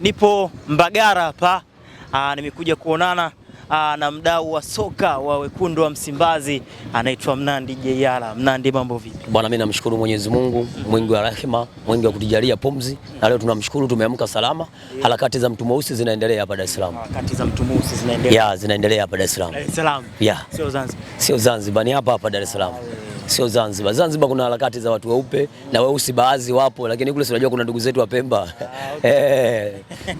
Nipo Mbagara hapa, ah, nimekuja kuonana aa, ah, na mdau wa soka wa wekundu wa Msimbazi anaitwa Mnandi Jeyala. Mnandi, mambo vipi bwana? Mimi namshukuru Mwenyezi Mungu mwingi wa rehema, mwingi wa kutujalia pumzi, na leo tunamshukuru, tumeamka salama. Harakati za mtu mweusi zinaendelea hapa Dar es Salaam, harakati za mtu mweusi zinaendelea, zinaendelea hapa Dar es Salaam, Sio Zanzibar, sio Zanzibar, ni hapa hapa Dar es Salaam. Ah, sio Zanzibar. Zanzibar kuna harakati za watu weupe na weusi baadhi wapo, lakini kule si unajua kuna ndugu zetu wa Pemba ah, eh,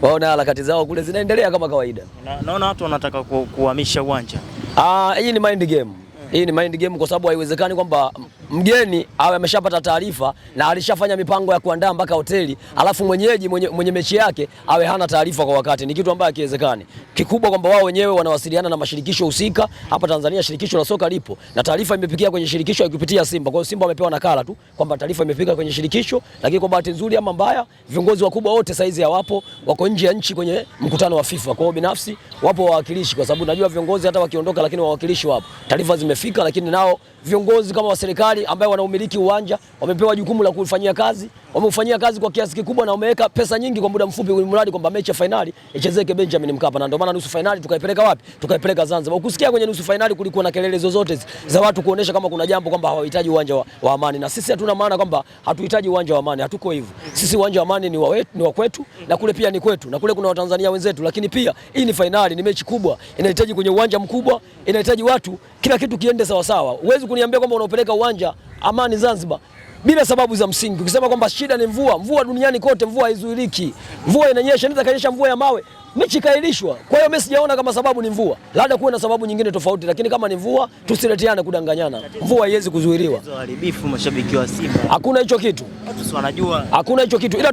waona harakati zao kule zinaendelea kama kawaida. Naona watu wanataka kuhamisha uwanja. Ah, hii ni mind game, hii ni mind game kwa sababu haiwezekani kwamba mgeni awe ameshapata taarifa na alishafanya mipango ya kuandaa mpaka hoteli, alafu mwenyeji mwenye, mwenye mechi yake awe hana taarifa kwa wakati, ni kitu ambacho hakiwezekani. Kikubwa kwamba wao wenyewe wanawasiliana na mashirikisho husika hapa Tanzania, shirikisho la soka lipo na taarifa imepikia kwenye shirikisho ikipitia Simba. Kwa hiyo Simba wamepewa nakala tu kwamba taarifa imefika kwenye shirikisho, lakini kwa bahati nzuri ama mbaya, viongozi wakubwa wote saizi hawapo, wako nje ya nchi kwenye mkutano wa FIFA. Kwa hiyo binafsi wapo wawakilishi, kwa sababu najua viongozi hata wakiondoka, lakini wawakilishi wapo, taarifa zimefika, lakini nao viongozi kama wa serikali ambao wanaumiliki uwanja wamepewa jukumu la kufanyia kazi, wameufanyia kazi kwa kiasi kikubwa na wameweka pesa nyingi kwa muda mfupi, ili mradi kwamba mechi ya fainali ichezeke Benjamin Mkapa. Na ndio maana nusu fainali tukaipeleka wapi? Tukaipeleka Zanzibar. Ukusikia kwenye nusu fainali kulikuwa na kelele zozote za watu kuonesha kama kuna jambo kwamba hawahitaji uwanja wa, wa Amani, na sisi hatuna maana kwamba hatuhitaji uwanja wa Amani, hatuko hivyo. Sisi uwanja wa Amani ni wa wetu, ni wa kwetu, na kule pia ni kwetu, na kule kuna Watanzania wenzetu, lakini pia hii ni fainali, ni mechi kubwa, inahitaji kwenye uwanja mkubwa, inahitaji watu, kila kitu kiende sawa sawa. Uwezi kuniambia kwamba unaopeleka uwanja Amani Zanzibar bila sababu za msingi, ukisema kwamba shida ni mvua. Mvua duniani kote, mvua haizuiliki, mvua inanyesha, inaweza kanyesha mvua ya mawe, mechi ikailishwa. Kwa hiyo mimi sijaona kama sababu ni mvua, labda kuwe na sababu nyingine tofauti, lakini kama ni mvua, tusileteane kudanganyana. Mvua haiwezi kuzuiliwa. Mashabiki wa Simba, hakuna hicho kitu, watu wanajua, hakuna hicho kitu, ila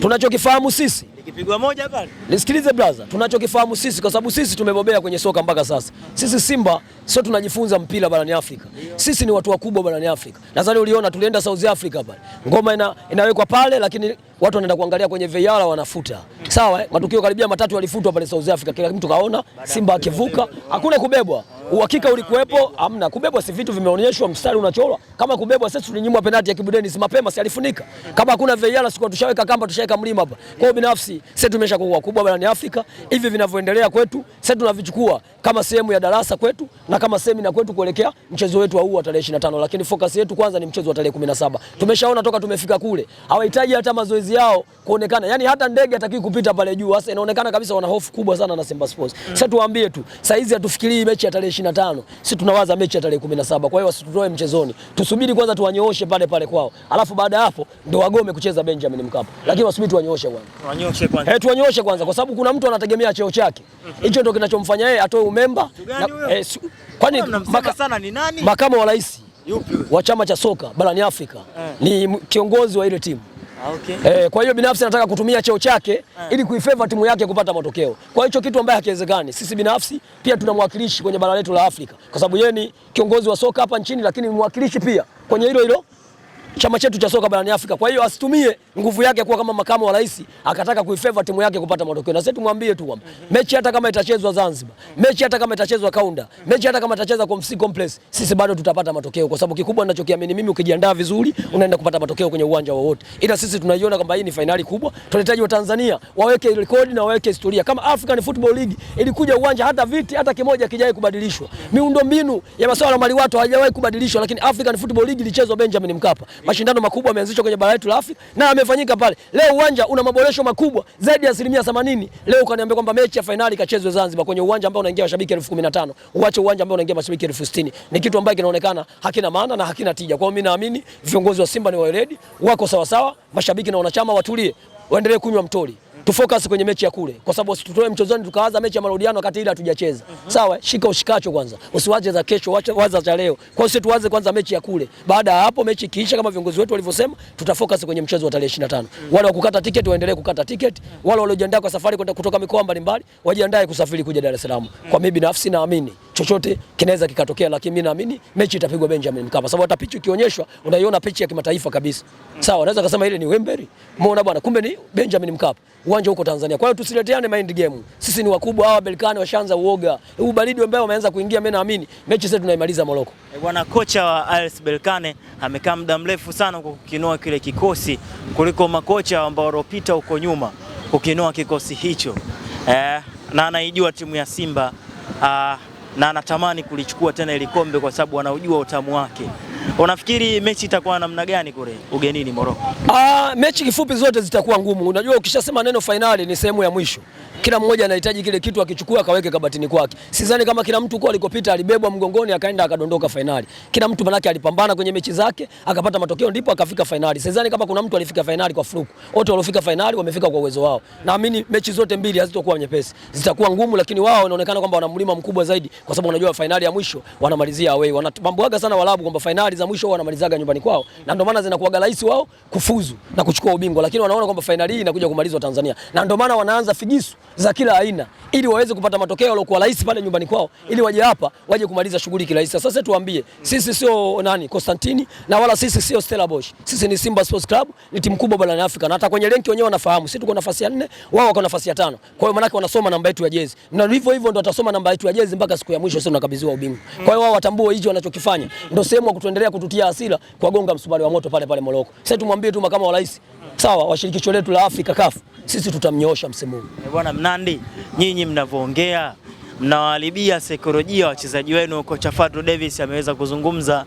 tunachokifahamu sisi Ikipigwa moja pale. Nisikilize brother, tunachokifahamu sisi kwa sababu sisi tumebobea kwenye soka mpaka sasa. Sisi Simba sio tunajifunza mpira barani Afrika. Sisi ni watu wakubwa barani Afrika. Nadhani uliona tulienda South Africa pale. Ngoma ina, inawekwa pale lakini watu wanaenda kuangalia kwenye VAR wanafuta. Sawa eh? Matukio karibia matatu yalifutwa pale South Africa. Kila mtu kaona Simba akivuka, hakuna kubebwa uhakika ulikuwepo? Hamna. Kubebwa si vitu vimeonyeshwa, mstari unachorwa. Kama kubebwa sasa tulinyimwa penalti ya Kibu Denis mapema, si alifunika? Kama hakuna VAR sikuwa tushaweka kamba, tushaweka mlima hapa. Kwa hiyo binafsi sasa tumesha tumeshakuwa kubwa barani Afrika, hivi vinavyoendelea kwetu sasa tunavichukua kama sehemu ya darasa kwetu na kama semina kwetu kuelekea mchezo wetu wa huu tarehe 25, lakini focus yetu kwanza ni mchezo wa tarehe 17. Tumeshaona toka tumefika kule hawahitaji hata mazoezi yao kuonekana, yani hata ndege hataki kupita pale juu. Sasa inaonekana kabisa wana hofu kubwa sana na Simba Sports. Sasa tuwaambie tu, saizi hatufikirii mechi ya tarehe 25, sisi tunawaza mechi ya tarehe 17. Kwa hiyo wasitutoe mchezoni, tusubiri kwanza tuwanyooshe pale pale kwao, alafu baada ya hapo ndo wagome kucheza Benjamin Mkapa, lakini wasubiri tuwanyooshe kwanza, tuwanyooshe kwanza, eh, tuwanyooshe kwanza, kwa sababu kuna mtu anategemea cheo chake mhm. hicho, mm -hmm. ndio kinachomfanya yeye atoe umemba eh, kwani maka, sana ni nani? Makamu wa rais wa chama cha soka barani Afrika eh. ni kiongozi wa ile timu Okay. Eh, kwa hiyo binafsi anataka kutumia cheo chake eh. ili kuifeva timu yake kupata matokeo. Kwa hicho kitu ambaye hakiwezekani. Sisi binafsi pia tunamwakilishi kwenye bara letu la Afrika kwa sababu yeye ni kiongozi wa soka hapa nchini, lakini mwakilishi pia kwenye hilo hilo chama chetu cha soka barani Afrika. Kwa hiyo asitumie nguvu yake kuwa kama makamu wa rais akataka kuifavor timu yake kupata matokeo. Na sisi tumwambie tu kwamba mhm. mechi hata kama itachezwa Zanzibar, mhm. mechi hata kama itachezwa Kaunda, mechi hata kama itachezwa kwa KMC Complex, sisi bado tutapata matokeo kwa sababu kikubwa ninachokiamini mimi, ukijiandaa vizuri unaenda kupata matokeo kwenye uwanja wowote. Ila sisi tunaiona kwamba hii ni finali kubwa. Tunahitaji Watanzania waweke rekodi na waweke historia. Kama African Football League ilikuja uwanja hata viti hata kimoja kijai kubadilishwa. Miundombinu ya masuala ya watu hajawahi kubadilishwa, lakini African Football League ilichezwa Benjamin Mkapa. Mashindano makubwa yameanzishwa kwenye bara letu la Afrika na yamefanyika pale. Leo uwanja una maboresho makubwa zaidi ya asilimia 80. Leo ukaniambia kwamba mechi ya fainali ikachezwe Zanzibar kwenye uwanja ambao unaingia mashabiki elfu kumi na tano uache uwanja ambao unaingia mashabiki elfu sitini ni kitu ambacho kinaonekana hakina maana na hakina tija. Kwa hiyo mimi naamini viongozi wa Simba ni waeledi, wako sawasawa, mashabiki na wanachama watulie, waendelee kunywa mtori tufocus kwenye mechi ya kule, kwa sababu usitutoe mchezoni tukawaza mechi ya marudiano wakati ile hatujacheza. Sawa, shika ushikacho kwanza, usiwache za kesho, waza za leo. Kwa hiyo tuwaze kwanza mechi ya kule. Baada ya hapo, mechi ikiisha, kama viongozi wetu walivyosema, tutafocus kwenye mchezo wa tarehe 25. Wale wa kukata tiketi waendelee kukata tiketi, wale waliojiandaa kwa safari kwenda kutoka mikoa mbalimbali wajiandae kusafiri kuja Dar es Salaam. Kwa mimi binafsi naamini chochote kinaweza kikatokea, lakini mimi naamini mechi itapigwa Benjamin Mkapa, sababu hata pichi ukionyeshwa unaiona pichi ya kimataifa kabisa. Sawa, unaweza kusema ile ni Wembley, umeona bwana, kumbe ni Benjamin Mkapa, uwanja huko Tanzania. Kwa hiyo tusileteane mind game, sisi ni wakubwa, hawa Belkani washaanza uoga, huu baridi ambao wameanza kuingia. Mimi naamini mechi zetu tunaimaliza Morocco. Eh, bwana kocha wa RS Berkane amekaa muda mrefu sana kwa kukinua kile kikosi kuliko makocha ambao walopita huko nyuma kukinua kikosi hicho eh, na anaijua timu ya Simba ah, na anatamani kulichukua tena ili kombe kwa sababu anaujua utamu wake. Unafikiri mechi itakuwa namna gani kule ugenini Morocco? Ah, mechi kifupi zote zitakuwa ngumu. Unajua ukishasema neno fainali ni sehemu ya mwisho. Kila mmoja anahitaji kile kitu akichukua akaweke kabatini kwake. Sidhani kama kila mtu kwa alikopita alibebwa mgongoni akaenda akadondoka fainali. Kila mtu manake alipambana kwenye mechi zake, akapata matokeo ndipo akafika fainali. Sidhani kama kuna mtu alifika fainali kwa fluku. Wote waliofika fainali wamefika kwa uwezo wao. Naamini mechi zote mbili hazitakuwa nyepesi. Zitakuwa ngumu lakini wao inaonekana kwamba wana mlima mkubwa zaidi kwa sababu wanajua fainali ya mwisho wanamalizia away. Wanatambuaga sana walabu kwamba fainali za mwisho wanamalizaga nyumbani kwao. Na ndio maana zinakuwa rahisi wao kufuzu na kuchukua ubingwa. Lakini wanaona kwamba fainali hii inakuja kumalizwa Tanzania. Na ndio maana wanaanza figisu za kila aina ili waweze kupata matokeo yaliokuwa rahisi pale nyumbani kwao, ili waje hapa waje kumaliza shughuli kirahisi. Sasa tuambie sisi sio nani Konstantini na wala sisi sio Stella Bosch. Sisi ni Simba Sports Club, ni timu kubwa barani Afrika, na hata kwenye renki wenyewe wanafahamu. Sisi tuko nafasi ya 4, wao wako nafasi ya tano. Kwa hiyo manake wanasoma namba yetu ya jezi, na hivyo hivyo ndo watasoma namba yetu ya jezi mpaka siku ya mwisho, sisi tunakabidhiwa ubingwa. Kwa hiyo wao watambue hicho wanachokifanya ndo sehemu ya kutuendelea kututia hasira kwa gonga msumari wa moto pale pale Moroko. Sasa tumwambie tu makamu wa rais, sawa, washirikisho letu la Afrika CAF, sisi tutamnyoosha msimu huu eh, bwana. Nandi, nyinyi mnavyoongea mnawaharibia saikolojia wachezaji wenu. Kocha Fadlu Davis ameweza kuzungumza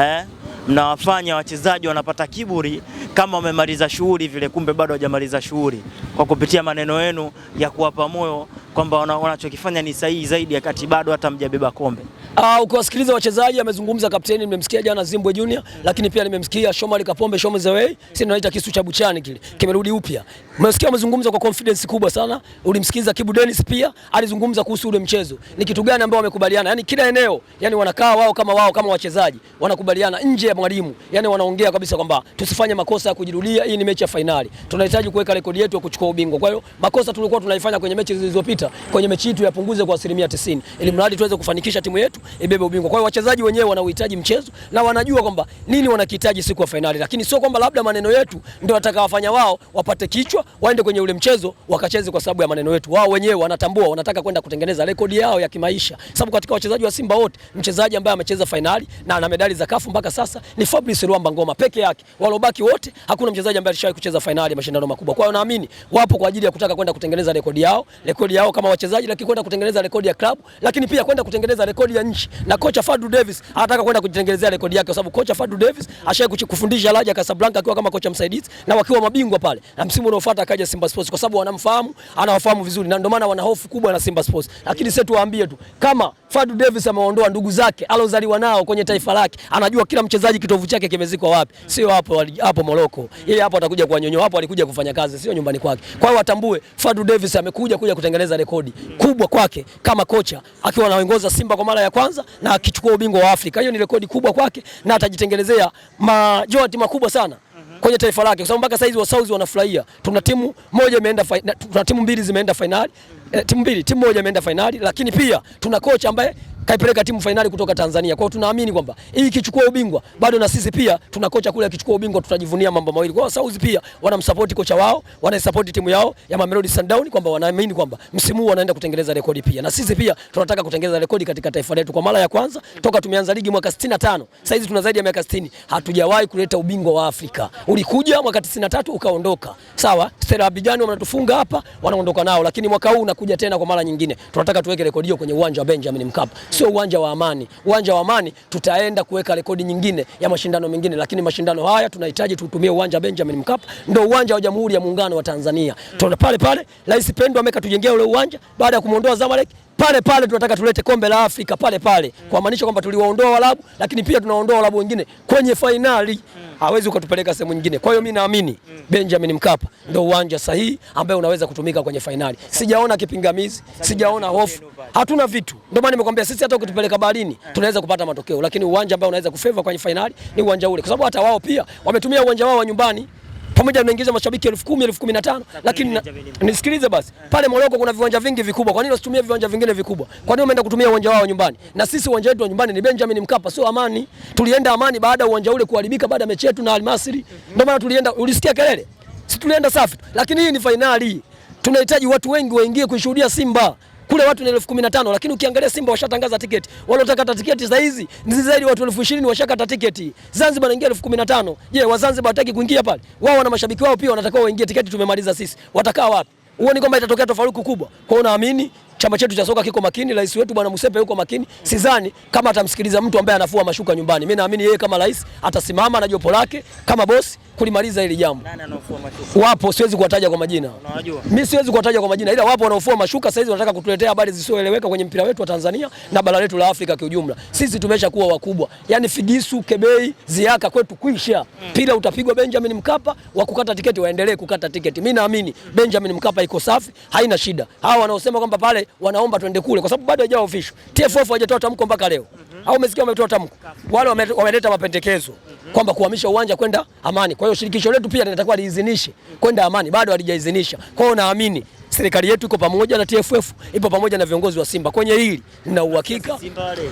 eh, mnawafanya wachezaji wanapata kiburi kama wamemaliza shughuli vile, kumbe bado hawajamaliza shughuli, kwa kupitia maneno yenu ya kuwapa moyo kwamba wanachokifanya ni sahihi zaidi, wakati bado hata mjabeba kombe. Ah, ukiwasikiliza wachezaji, amezungumza kapteni, nimemsikia jana Zimbwe Junior, lakini pia nimemsikia Shomari Kapombe, Shomze Way, si tunaita kisu cha buchani, kile kimerudi upya Unasikia amezungumza kwa confidence kubwa sana. Ulimsikiliza Kibu Dennis pia alizungumza kuhusu ule mchezo. Ni kitu gani ambao wamekubaliana? Yaani kila eneo, yani wanakaa wao kama wao kama wachezaji, wanakubaliana nje ya mwalimu. Yaani wanaongea kabisa kwamba tusifanye makosa ya kujirudia, hii ni mechi ya fainali. Tunahitaji kuweka rekodi yetu ya kuchukua ubingwa. Kwa hiyo makosa tulikuwa tunaifanya kwenye mechi zilizopita, kwenye mechi hii tuyapunguze kwa asilimia tisini ili mradi tuweze kufanikisha timu yetu ibebe ubingwa. Kwa hiyo wachezaji wenyewe wanauhitaji mchezo na wanajua kwamba nini wanakihitaji siku ya fainali. Lakini sio kwamba labda maneno yetu ndio watakawafanya wao wapate kichwa waende kwenye ule mchezo wakacheze kwa sababu ya maneno yetu. Wao wenyewe wanatambua, wanataka kwenda kutengeneza rekodi yao ya kimaisha, sababu katika wachezaji wa Simba wote mchezaji ambaye amecheza fainali na ana medali za kafu mpaka sasa ni Fabrice Ruamba Ngoma peke yake. Walobaki wote hakuna mchezaji ambaye alishawahi kucheza fainali ya mashindano makubwa. Kwa hiyo naamini wapo kwa ajili ya kutaka kwenda kutengeneza rekodi yao, rekodi yao kama wachezaji, lakini kwenda kutengeneza rekodi ya klabu, lakini pia kwenda kutengeneza rekodi ya nchi. Na kocha Fadlu Davis anataka kwenda kujitengenezea rekodi yake, kwa sababu kocha Fadlu Davis ashawahi kufundisha Raja Casablanca akiwa kama kocha msaidizi na wakiwa mabingwa pale, na msimu unaofuata hata akaja Simba Sports, kwa sababu wanamfahamu, anawafahamu vizuri, na ndio maana wana hofu kubwa na Simba Sports. Lakini sasa tuwaambie tu kama Fadu Davis ameondoa ndugu zake alozaliwa nao kwenye taifa lake, anajua kila mchezaji kitovu chake kimezikwa wapi. Sio hapo hapo Moroko, yeye hapo atakuja kuwanyonyoa, hapo alikuja kufanya kazi, sio nyumbani kwake. Kwa hiyo watambue Fadu Davis amekuja kuja kutengeneza rekodi kubwa kwake kama kocha, akiwa anaongoza Simba kwa mara ya kwanza na akichukua ubingwa wa Afrika. Hiyo ni rekodi kubwa kwake na atajitengenezea majoati makubwa sana kwenye taifa lake, kwa sababu mpaka saizi Saudi wanafurahia. Tuna timu moja imeenda tuna timu mbili zimeenda finali, eh, timu mbili, timu moja imeenda finali, lakini pia tuna kocha ambaye kaipeleka timu fainali kutoka Tanzania. Kwa hiyo tunaamini kwamba hii ikichukua ubingwa bado na sisi pia tuna kocha kule, akichukua ubingwa tutajivunia mambo mawili. Kwa hiyo Saudi pia wanamsupport kocha wao, wanasupport timu yao ya Mamelodi Sundowns kwamba wanaamini kwamba msimu huu wanaenda kutengeneza rekodi pia. Na sisi pia tunataka kutengeneza rekodi katika taifa letu kwa mara ya kwanza toka tumeanza ligi mwaka 65. Sasa hizi tuna zaidi ya miaka 60. Hatujawahi kuleta ubingwa wa Afrika. Ulikuja mwaka 93 ukaondoka. Sawa? Stella Abidjan wanatufunga hapa, wanaondoka nao, lakini mwaka huu unakuja tena kwa mara nyingine. Tunataka tuweke rekodi hiyo kwenye uwanja wa Benjamin Mkapa sio uwanja wa Amani. Uwanja wa Amani tutaenda kuweka rekodi nyingine ya mashindano mengine, lakini mashindano haya tunahitaji tutumie uwanja Benjamin Mkapa, ndio uwanja wa Jamhuri ya Muungano wa Tanzania. Tuna pale pale Rais pendwa ameka tujengea ule uwanja baada ya kumuondoa Zamalek pale pale tunataka tulete kombe la Afrika pale pale, kwa maanisha kwamba tuliwaondoa Waarabu, lakini pia tunaondoa Waarabu wengine kwenye fainali. Hawezi ukatupeleka sehemu nyingine. Kwa hiyo mimi naamini Benjamin Mkapa ndio uwanja sahihi ambaye unaweza kutumika kwenye fainali. Sijaona kipingamizi, sijaona hofu, hatuna vitu. Ndio maana nimekwambia sisi hata ukitupeleka baharini tunaweza kupata matokeo, lakini uwanja ambao unaweza kufeva kwenye fainali ni uwanja ule, kwa sababu hata wao pia wametumia uwanja wao wa nyumbani pamoja naingiza mashabiki elfu kumi elfu kumi na tano lakini nisikilize basi, eh. pale Moroko kuna viwanja vingi vikubwa, kwa nini usitumie viwanja vingine vikubwa? Kwa nini umeenda kutumia uwanja wao nyumbani? Na sisi uwanja wetu wa nyumbani ni Benjamin Mkapa, sio Amani. Tulienda Amani baada ya uwanja ule kuharibika, baada ya mechi yetu na Almasri, ndio maana tulienda. Ulisikia kelele? Si tulienda safi, lakini hii ni fainali, tunahitaji watu wengi waingie kuishuhudia Simba kule watu ni elfu kumi na tano lakini ukiangalia Simba washatangaza tiketi, waliokata tiketi za hizi ni zaidi watu elfu ishirini washakata tiketi. Zanzibar naingia elfu kumi na tano Je, Wazanzibar wataki kuingia pale? Wao wana mashabiki wao pia wanatakiwa waingie. Tiketi tumemaliza sisi, watakaa wapi? Huoni kwamba itatokea tofauti kubwa? kwao unaamini naamini chama chetu cha soka kiko makini, rais wetu bwana Musepe yuko makini. Sidhani kama atamsikiliza mtu ambaye anafua mashuka nyumbani. Mimi naamini yeye kama rais atasimama na jopo lake kama bosi kulimaliza hili jambo. Nani anaofua mashuka? Wapo, siwezi kuwataja kwa majina. Unawajua? Mimi siwezi kuwataja kwa majina, ila wapo wanaofua mashuka sasa hivi wanataka kutuletea habari zisizoeleweka kwenye mpira wetu wa Tanzania na bara letu la Afrika kwa ujumla. Sisi tumesha kuwa wakubwa, yaani Figisu, Kebei, Ziaka kwetu kuisha. Mm. Pila utapigwa Benjamin Mkapa, wa kukata tiketi waendelee kukata tiketi. Mimi naamini Benjamin Mkapa iko safi, haina shida. Hawa wanaosema kwamba pale wanaomba twende kule kwa sababu bado haijao official. TFF hajatoa tamko mpaka leo. Au umesikia wametoa tamko? Wale wameleta mapendekezo kwamba kuhamisha uwanja kwenda Amani. Kwa hiyo shirikisho letu pia linatakiwa liidhinishe kwenda Amani, bado halijaidhinisha. Kwa hiyo naamini serikali yetu iko pamoja na TFF ipo pamoja na viongozi wa Simba kwenye hili, nina uhakika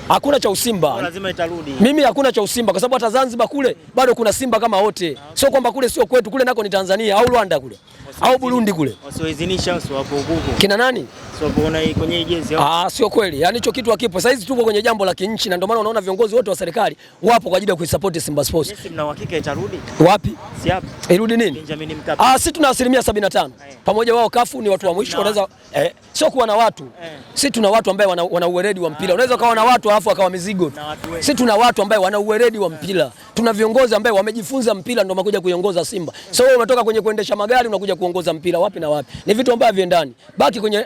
hakuna cha usimba. Lazima itarudi. Mimi hakuna cha usimba kwa sababu hata Zanzibar kule bado kuna Simba kama wote, sio kwamba kule sio kwetu, kule nako ni Tanzania au Rwanda kule au Burundi kule. Wasioidhinisha wapo huko. Kina nani? Sio kuona hii kwenye jezi. Ah, sio kweli, yaani hicho kitu hakipo. Sasa hizi tuko kwenye jambo la kinchi, na ndio maana unaona viongozi wote wa serikali wapo kwa ajili ya kuisupport Simba Sports. Sisi mna uhakika itarudi. Wapi? Si hapa. Irudi nini? Ah, sisi tuna asilimia 75 pamoja, wao kafu ni watu wa mwisho unaweza eh, sio kuwa na watu eh. Si tuna watu ambao wana, wana uweredi wa mpira. Ah. Unaweza ukawa na watu afu akawa mizigo. Si tuna watu ambao wana uweredi wa eh. mpira. Tuna viongozi ambao wamejifunza mpira ndio wamekuja kuiongoza Simba. So wewe umetoka kwenye kuendesha magari unakuja kuongoza mpira wapi na wapi? Ni vitu ambavyo viendani. Baki kwenye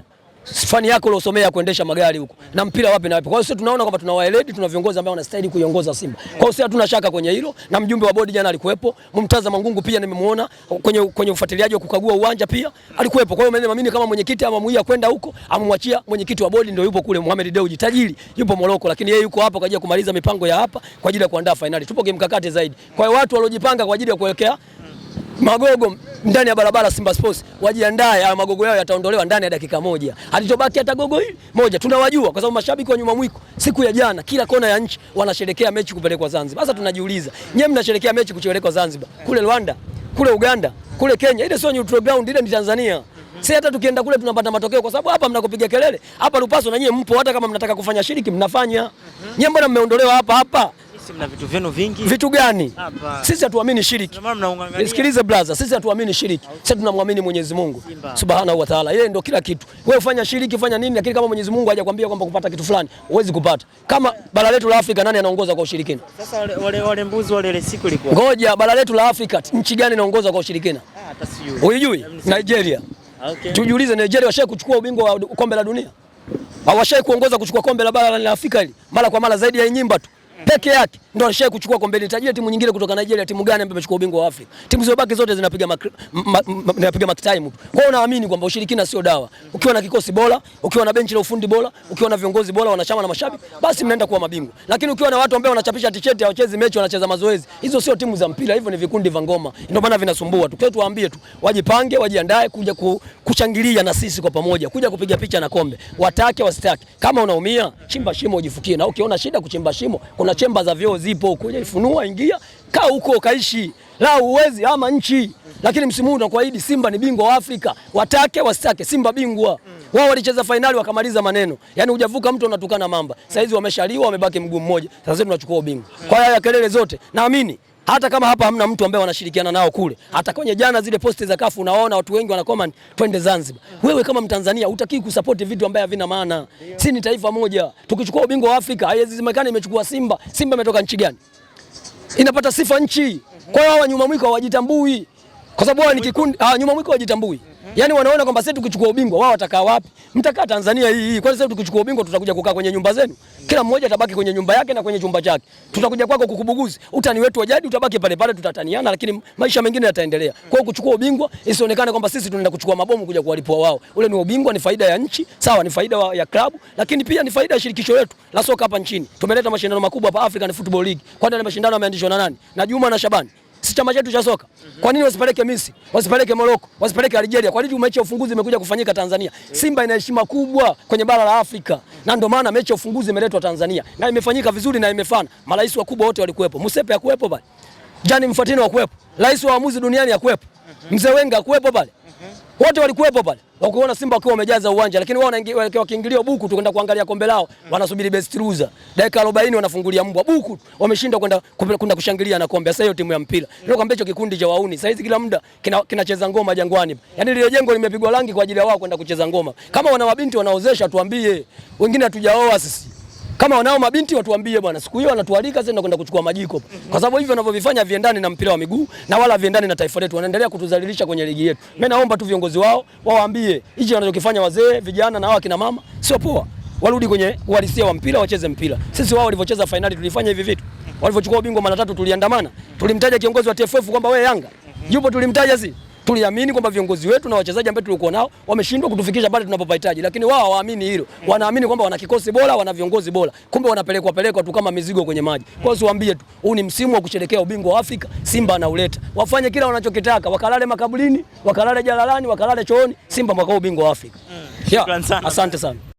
fani yako uliosomea ya kuendesha magari huko na mpira wapi na wapi. Kwa hiyo sisi tunaona kwamba tuna waeledi, tuna viongozi ambao wanastahili kuiongoza Simba. Kwa hiyo sisi hatuna shaka kwenye hilo, na mjumbe wa bodi jana alikuwepo, Mumtaza Mangungu pia nimemuona kwenye kwenye ufuatiliaji wa kukagua uwanja pia alikuwepo. Kwa hiyo mimi naamini kama mwenyekiti ama muia kwenda huko, amemwachia mwenyekiti wa bodi, ndio yupo kule Mohamed Deuji tajiri, yupo Moroko, lakini yeye yuko hapa kwa ajili ya kumaliza mipango ya hapa kwa ajili ya kuandaa fainali. Tupo kimkakati zaidi. Kwa hiyo watu waliojipanga kwa ajili ya kuelekea Magogo ndani ya barabara Simba Sports wajiandae, haya magogo yao yataondolewa ndani ya dakika moja, Alichobaki hata gogo hili moja. Tunawajua kwa sababu mashabiki wa nyuma mwiko siku ya jana, kila kona ya nchi wanasherekea mechi kupelekwa Zanzibar. Sasa tunajiuliza nyewe, mnasherekea mechi kuchelekwa Zanzibar, kule Rwanda, kule Uganda, kule Kenya, ile sio neutral ground, ile ni Tanzania. Si hata tukienda kule tunapata matokeo kwa sababu hapa mnakopiga kelele, hapa Lupaso na nyie mpo, hata kama mnataka kufanya shiriki mnafanya. Nyie mbona mmeondolewa hapa hapa? mna vitu vyenu vingi. Vitu gani? Hapa. Sisi hatuamini shiriki. Nisikilize brother, sisi hatuamini shiriki. Sisi tunamwamini Mwenyezi Mungu Subhanahu wa Ta'ala. Yeye ndio kila kitu. Wewe fanya shiriki, fanya nini, lakini kama Mwenyezi Mungu hajakwambia kwamba kupata kitu fulani, huwezi kupata. Kama bara letu la Afrika nani anaongoza kwa ushirikina? Sasa wale wale, wale mbuzi wale ile siku ilikuwa. Ngoja, bara letu la Afrika nchi gani inaongoza kwa ushirikina? Ah, hata sijui. Unijui? Nigeria. Okay. Tujiulize Nigeria washaye kuchukua ubingwa wa kombe la dunia? Hawashai kuongoza kuchukua kombe la bara la Afrika hili mara kwa mara zaidi ya nyimba tu peke yake ndo alishaye kuchukua kombe. Nitajia timu nyingine kutoka Nigeria, timu gani ambayo imechukua ubingwa wa Afrika? Timu zilizobaki zote zinapiga zinapiga mark time. Kwa hiyo naamini kwamba ushirikina sio dawa. Ukiwa na kikosi bora, ukiwa na benchi la ufundi bora, ukiwa na viongozi bora, wanachama na mashabiki, basi mnaenda kuwa mabingwa. Lakini ukiwa na watu ambao wanachapisha t-shirt, hawachezi mechi, wanacheza mazoezi, hizo sio timu za mpira, hivyo ni vikundi vya ngoma. Ndio maana vinasumbua tu. Kwa hiyo tuwaambie tu wajipange, wajiandae kuja ku, kuchangilia na sisi kwa pamoja, kuja kupiga picha na kombe. Watake wasitake. Kama unaumia, chimba shimo ujifukie na ukiona shida kuchimba shimo, kuna chemba za vyoo zipo huko, jaifunua ingia, kaa huko kaishi, la uwezi ama nchi. Lakini msimu huu nakuahidi, Simba ni bingwa wa Afrika, watake wasitake, Simba bingwa wao walicheza fainali wakamaliza maneno, yaani hujavuka mtu unatukana mamba. Saizi wameshaliwa wamebaki mguu mmoja, sasa tunachukua ubingwa. Kwa haya kelele zote, naamini hata kama hapa hamna mtu ambaye wanashirikiana nao kule. Hata kwenye jana zile posti za kafu, unaona watu wengi wana twende Zanzibar. Wewe kama Mtanzania hutaki kusupport vitu ambavyo havina maana. Si ni taifa moja. Tukichukua ubingwa wa Afrika, haiwezi Marekani imechukua Simba. Simba imetoka nchi gani? Inapata sifa nchi. Kwa hiyo hawa nyuma mwiko hawajitambui. Kwa sababu wao ni kikundi, ah, nyuma mwiko hawajitambui. Yaani wanaona kwamba sisi tukichukua ubingwa wao watakaa wapi? mtakaa Tanzania hii hii. Kwani sasa tukichukua ubingwa tutakuja kukaa kwenye nyumba zenu? Kila mmoja atabaki kwenye nyumba yake na kwenye chumba chake. Tutakuja kwako kukubuguzi. Utani wetu wa jadi utabaki pale pale, tutataniana lakini maisha mengine yataendelea. Kwa hiyo kuchukua ubingwa isionekane kwamba sisi tunaenda kuchukua mabomu kuja kuwalipua wao. Ule ni ubingwa, ni faida ya nchi, sawa, ni faida ya klabu, lakini pia ni faida ya shirikisho letu la soka hapa nchini. Tumeleta mashindano makubwa hapa African Football League. Kwani mashindano yameandishwa na nani? Na Juma na Shabani si chama chetu cha soka. Kwa nini wasipeleke Misri? Wasipeleke Morocco? Wasipeleke Algeria? Kwa nini mechi ya ufunguzi imekuja kufanyika Tanzania? Simba ina heshima kubwa kwenye bara la Afrika. Na ndio maana mechi ya ufunguzi imeletwa Tanzania. Na imefanyika vizuri na imefana. Marais wakubwa wote walikuwepo. Musepe hakuwepo bali. Jani Mfatino hakuwepo. Rais wa waamuzi duniani hakuwepo. Mzee Wenga hakuwepo bali wote walikuwepo pale, wakiona Simba wakiwa wamejaza uwanja, lakini wao wakiingilia buku tu kwenda kuangalia kombe lao, hmm. wanasubiri best loser dakika 40, wanafungulia mbwa buku, wameshindwa kwenda kwenda kushangilia na kombe. Sasa hiyo timu ya mpira hmm. ndio kwamba hicho kikundi cha wauni sasa hizi kila muda kinacheza kina ngoma Jangwani, yani lile jengo limepigwa rangi kwa ajili ya wao kwenda kucheza ngoma. Kama wana mabinti wanaozesha, tuambie, wengine hatujaoa sisi kama wanao mabinti watuambie bwana, siku hiyo anatualika sasa kwenda kuchukua majiko, kwa sababu hivyo wanavyovifanya viendani na mpira wa miguu na wala viendani na taifa letu, wanaendelea kutuzalilisha kwenye ligi yetu. Mimi naomba tu viongozi wao wawaambie hichi wanachokifanya wazee, vijana na hawa kina mama sio poa, warudi kwenye uhalisia wa mpira, wacheze mpira. Sisi wao walivyocheza fainali tulifanya hivi vitu, walivyochukua ubingwa mara tatu tuliandamana, tulimtaja kiongozi wa TFF kwamba wewe Yanga yupo, tulimtaja si Tuliamini kwamba viongozi wetu na wachezaji ambao tulikuwa nao wameshindwa kutufikisha pale tunapopahitaji, lakini wao hawaamini hilo. Mm. Wanaamini kwamba wana kikosi bora, wana viongozi bora, kumbe wanapelekwa pelekwa tu kama mizigo kwenye maji. Mm. Kwa hiyo siwaambie tu, huu ni msimu wa kusherekea ubingwa wa Afrika, Simba anauleta. Wafanye kila wanachokitaka, wakalale makaburini, wakalale jalalani, wakalale chooni. Simba mwakao ubingwa wa Afrika. Mm. Yeah, asante sana.